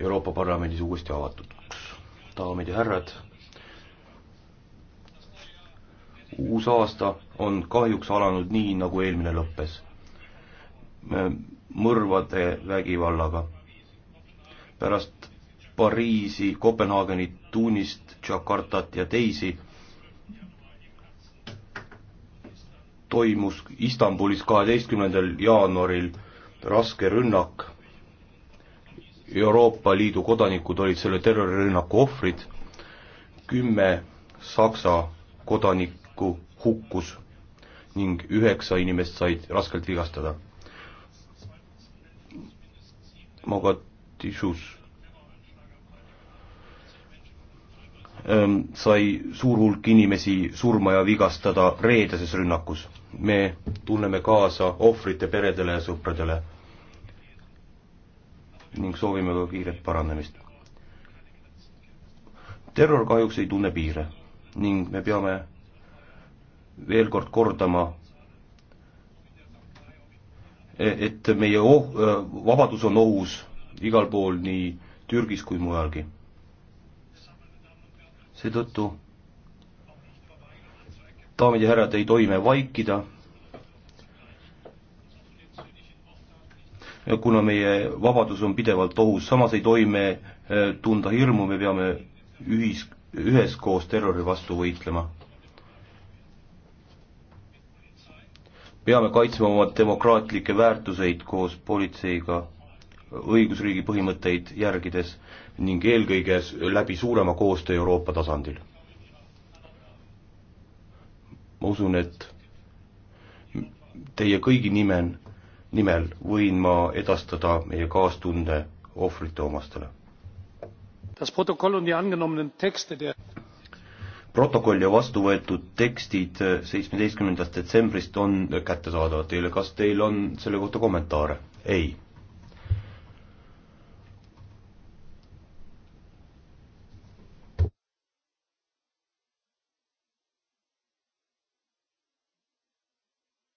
Euroopa Parlamendis uuesti avatuks. daamid ja härrad, uus aasta on kahjuks alanud nii, nagu eelmine lõppes. mõrvade vägivallaga. pärast Pariisi, Kopenhaagenit, Tunist, Jakartat ja teisi toimus Istanbulis kaheteistkümnendal jaanuaril raske rünnak Euroopa Liidu kodanikud olid selle terrorirünnaku ohvrid, kümme Saksa kodanikku hukkus ning üheksa inimest said raskelt vigastada. Mogadishus ähm, sai suur hulk inimesi surma ja vigastada reedeses rünnakus. me tunneme kaasa ohvrite peredele ja sõpradele ning soovime ka kiiret paranemist. terror kahjuks ei tunne piire ning me peame veel kord kordama, e-, et meie oh-, e-, vabadus on ohus igal pool, nii Türgis kui mujalgi. seetõttu, daamid ja härrad, ei tohi me vaikida kuna meie vabadus on pidevalt ohus, samas ei tohi me eh, tunda hirmu, me peame ühis, üheskoos terrori vastu võitlema. peame kaitsma oma demokraatlikke väärtuseid koos politseiga, õigusriigi põhimõtteid järgides ning eelkõige läbi suurema koostöö Euroopa tasandil. ma usun, et teie kõigi nimel nimel võin ma edastada meie kaastunde ohvrite omastele. protokoll ja vastu võetud tekstid seitsmeteistkümnendast detsembrist on kättesaadavad teile, kas teil on selle kohta kommentaare? ei